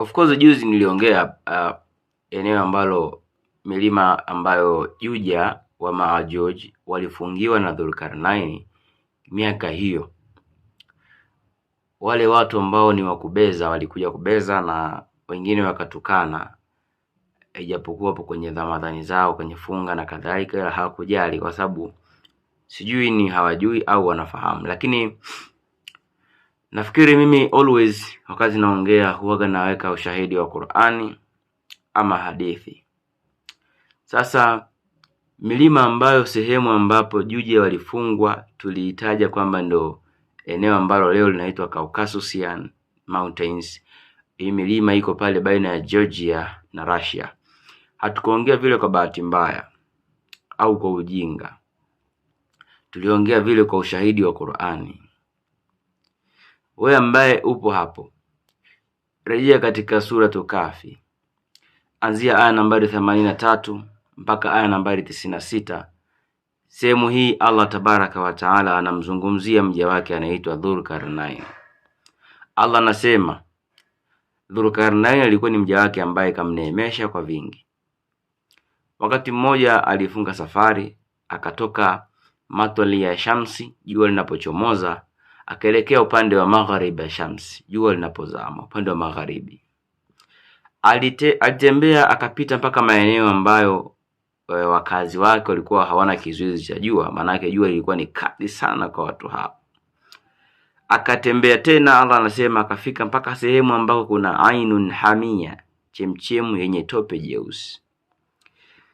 Of course juzi niliongea uh, eneo ambalo milima ambayo Juja wa George walifungiwa na Dhulkarnaini miaka hiyo, wale watu ambao ni wakubeza walikuja kubeza na wengine wakatukana, ijapokuwa hapo kwenye dhamadhani zao kwenye funga na kadhalika, hawakujali kwa sababu sijui ni hawajui au wanafahamu, lakini Nafikiri mimi always wakati naongea huwaga naweka ushahidi wa Qur'ani ama hadithi. Sasa milima ambayo sehemu ambapo Juja walifungwa tuliitaja kwamba ndo eneo ambalo leo linaitwa Caucasusian Mountains. Hii milima iko pale baina ya Georgia na Russia. Hatukuongea vile kwa bahati mbaya au kwa ujinga, tuliongea vile kwa ushahidi wa Qur'ani wewe ambaye upo hapo, rejea katika Suratu Kafi anzia aya nambari 83 mpaka aya nambari 96. Sehemu hii Allah tabaraka wa taala anamzungumzia mja wake anaitwa Dhulkarnain. Allah anasema Dhulkarnain alikuwa ni mja wake ambaye kamneemesha kwa vingi. Wakati mmoja alifunga safari akatoka matwali ya shamsi, jua linapochomoza akaelekea upande wa magharibi ya shamsi, jua linapozama upande wa magharibi. Alite, alitembea akapita mpaka maeneo ambayo e, wakazi wake walikuwa hawana kizuizi cha jua, maanake jua lilikuwa ni kali sana kwa watu hao. Akatembea tena, Allah anasema akafika mpaka sehemu ambako kuna ainun hamia, chemchemu yenye tope jeusi.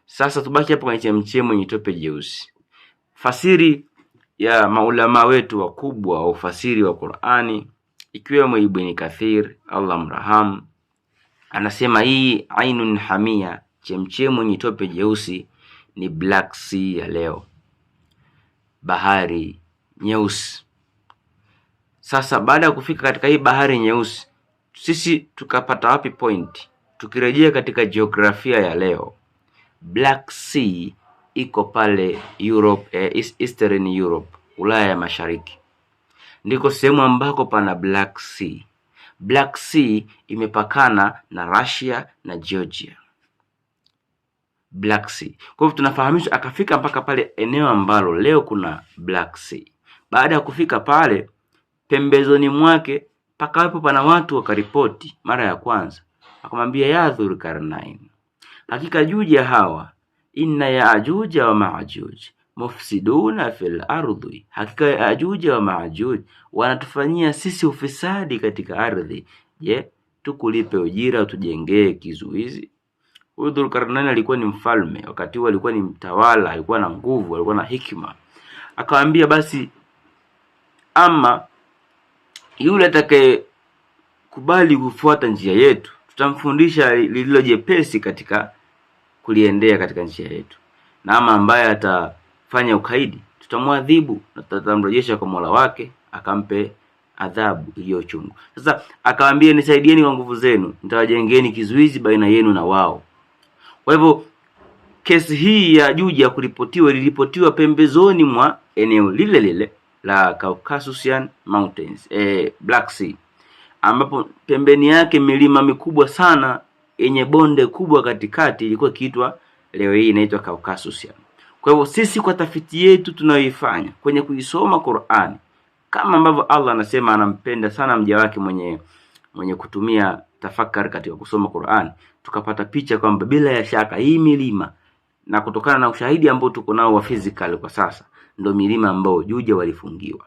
Sasa tubaki hapo kwenye chemchemu yenye tope jeusi, fasiri ya maulamaa wetu wakubwa wa ufasiri wa Qur'ani ikiwemo Ibn Kathir Allah mrahamu, anasema hii ainun hamia, chemchemu yenye tope jeusi, ni Black Sea ya leo, bahari nyeusi. Sasa baada ya kufika katika hii bahari nyeusi, sisi tukapata wapi point? Tukirejea katika jiografia ya leo, Black Sea iko pale Europe, eh, Eastern Europe, Ulaya ya Mashariki, ndiko sehemu ambako pana Black Sea. Black Sea imepakana na Russia na Georgia. Black Sea. Kwa hivyo tunafahamishwa akafika mpaka pale eneo ambalo leo kuna Black Sea. Baada ya kufika pale, pembezoni mwake pakawepo pana watu wakaripoti mara ya kwanza, akamwambia ya Dhulkarnain, hakika Juja hawa inna yaajuja wa maajuj mufsiduna fil ardhi, hakika yaajuja wa maajuj wanatufanyia sisi ufisadi katika ardhi. Je, tukulipe ujira utujengee kizuizi? Huyu Dhulkarnain alikuwa ni mfalme wakati huo, alikuwa ni mtawala, alikuwa na nguvu, alikuwa na hikima. Akawaambia basi, ama yule atakayekubali kufuata njia yetu tutamfundisha lililo jepesi katika kuliendea katika nchi yetu, na ama ambaye atafanya ukaidi tutamwadhibu na tutamrejesha kwa Mola wake akampe adhabu iliyo chungu. Sasa akawaambia, nisaidieni kwa nguvu zenu, nitawajengeni kizuizi baina yenu na wao. Kwa hivyo kesi hii ya Juja ya kuripotiwa iliripotiwa pembezoni mwa eneo lile lile la Caucasian Mountains, eh, Black Sea, ambapo pembeni yake milima mikubwa sana yenye bonde kubwa katikati ilikuwa ikiitwa leo hii inaitwa Caucasus. Kwa hivyo sisi kwa tafiti yetu tunayoifanya kwenye kuisoma Qur'ani, kama ambavyo Allah anasema anampenda sana mja wake mwenye mwenye kutumia tafakari katika kusoma Qur'ani, tukapata picha kwamba bila ya shaka hii milima na kutokana na ushahidi ambao tuko nao wa physical kwa sasa, ndo milima ambayo Juja walifungiwa.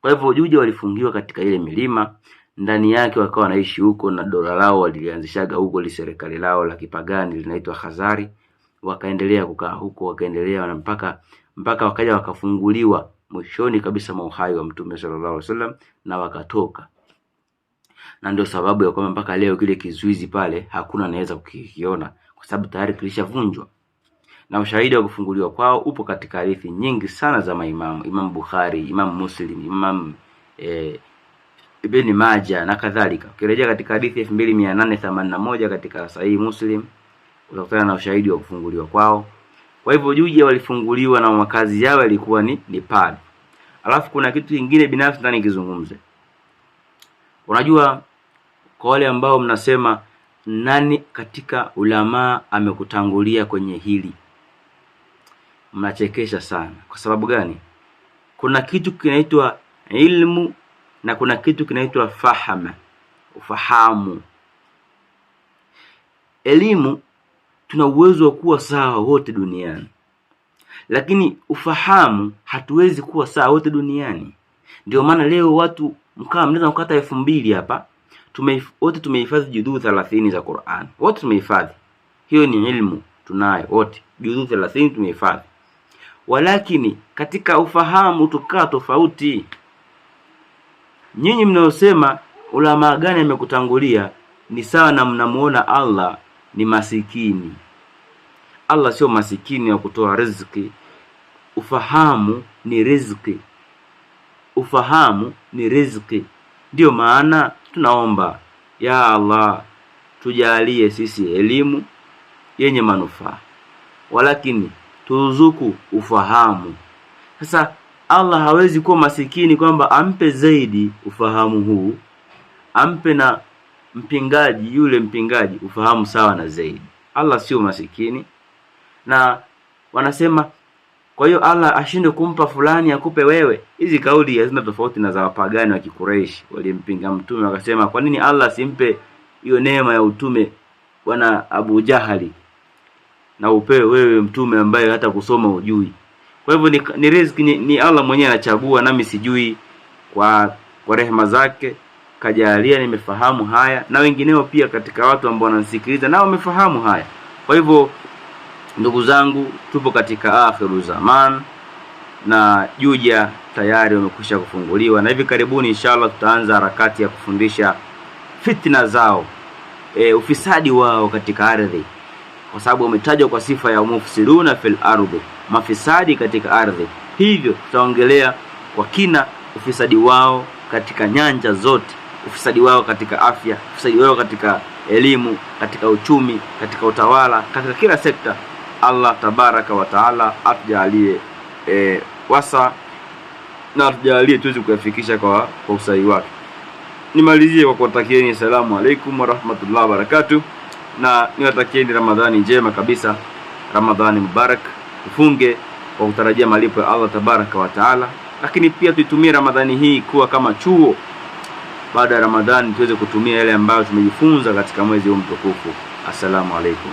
Kwa hivyo Juja walifungiwa katika ile milima ndani yake wakawa wanaishi huko na dola lao walilianzishaga huko li serikali lao la kipagani linaitwa Khazari, wakaendelea kukaa huko, wakaendelea na mpaka mpaka wakaja wakafunguliwa mwishoni kabisa mwa uhai wa Mtume sallallahu alaihi wasallam na wakatoka, na ndio sababu ya kwamba mpaka leo kile kizuizi pale hakuna anaweza kukiona kwa sababu tayari kilishavunjwa na ushahidi wa kufunguliwa kwao upo katika hadithi nyingi sana za maimamu Imam Bukhari, Imam Muslim, Imam eh, Ibn Majah na kadhalika. Ukirejea katika hadithi moja katika sahihi Muslim utakutana na ushahidi wa kufunguliwa kwao. Kwa hivyo Juja walifunguliwa na makazi yao yalikuwa ni ni Alafu kuna kitu kingine binafsi ndani kizungumze. Unajua kwa wale ambao mnasema nani katika ulamaa amekutangulia kwenye hili, mnachekesha sana. Kwa sababu gani? Kuna kitu kinaitwa ilmu na kuna kitu kinaitwa fahama, ufahamu. Elimu, tuna uwezo wa kuwa sawa wote duniani, lakini ufahamu hatuwezi kuwa sawa wote duniani. Ndio maana leo watu mkaa mnaweza kukata elfu mbili hapa tume, wote tumehifadhi juzuu thelathini za Qur'an, wote tumehifadhi. Hiyo ni ilmu tunayo wote, juzuu thelathini tumehifadhi, walakini katika ufahamu tukaa tofauti. Nyinyi mnayosema ulamaa gani amekutangulia ni sawa na mnamuona Allah ni masikini. Allah sio masikini wa kutoa riziki. Ufahamu ni riziki, ufahamu ni riziki. Ndiyo maana tunaomba ya Allah, tujalie sisi elimu yenye manufaa, walakini turuzuku ufahamu. Sasa Allah hawezi kuwa masikini kwamba ampe zaidi ufahamu huu, ampe na mpingaji yule mpingaji ufahamu sawa na zaidi. Allah sio masikini, na wanasema kwa hiyo Allah ashinde kumpa fulani akupe wewe. Hizi kauli hazina tofauti na za wapagani wa Kikureishi walimpinga mtume wakasema, kwa nini Allah simpe hiyo neema ya utume bwana Abu Jahali na upewe wewe mtume ambaye hata kusoma ujui? Kwa hivyo ni, ni riziki ni, ni Allah mwenyewe anachagua, nami sijui. Kwa kwa rehema zake kajalia nimefahamu haya, na wengineo pia katika watu ambao wananisikiliza nao wamefahamu haya. Kwa hivyo ndugu zangu, tupo katika akhiru zaman na Juja tayari wamekwisha kufunguliwa, na hivi karibuni inshallah tutaanza harakati ya kufundisha fitna zao, e, ufisadi wao katika ardhi kwa sababu wametajwa kwa sifa ya mufsiduna fil ardhi, mafisadi katika ardhi. Hivyo tutaongelea kwa kina ufisadi wao katika nyanja zote, ufisadi wao katika afya, ufisadi wao katika elimu, katika uchumi, katika utawala, katika kila sekta. Allah tabaraka wa taala atujalie e, wasa na atujalie tuweze kuyafikisha kwa, kwa usahihi wake. Nimalizie kwa kuwatakieni salamu alaikum warahmatullahi wabarakatuh na niwatakieni Ramadhani njema kabisa, Ramadhani mubarak. ufunge kwa kutarajia malipo ya Allah tabaraka wa taala, lakini pia tuitumie Ramadhani hii kuwa kama chuo. Baada ya Ramadhani tuweze kutumia yale ambayo tumejifunza katika mwezi huu mtukufu. Assalamu alaikum.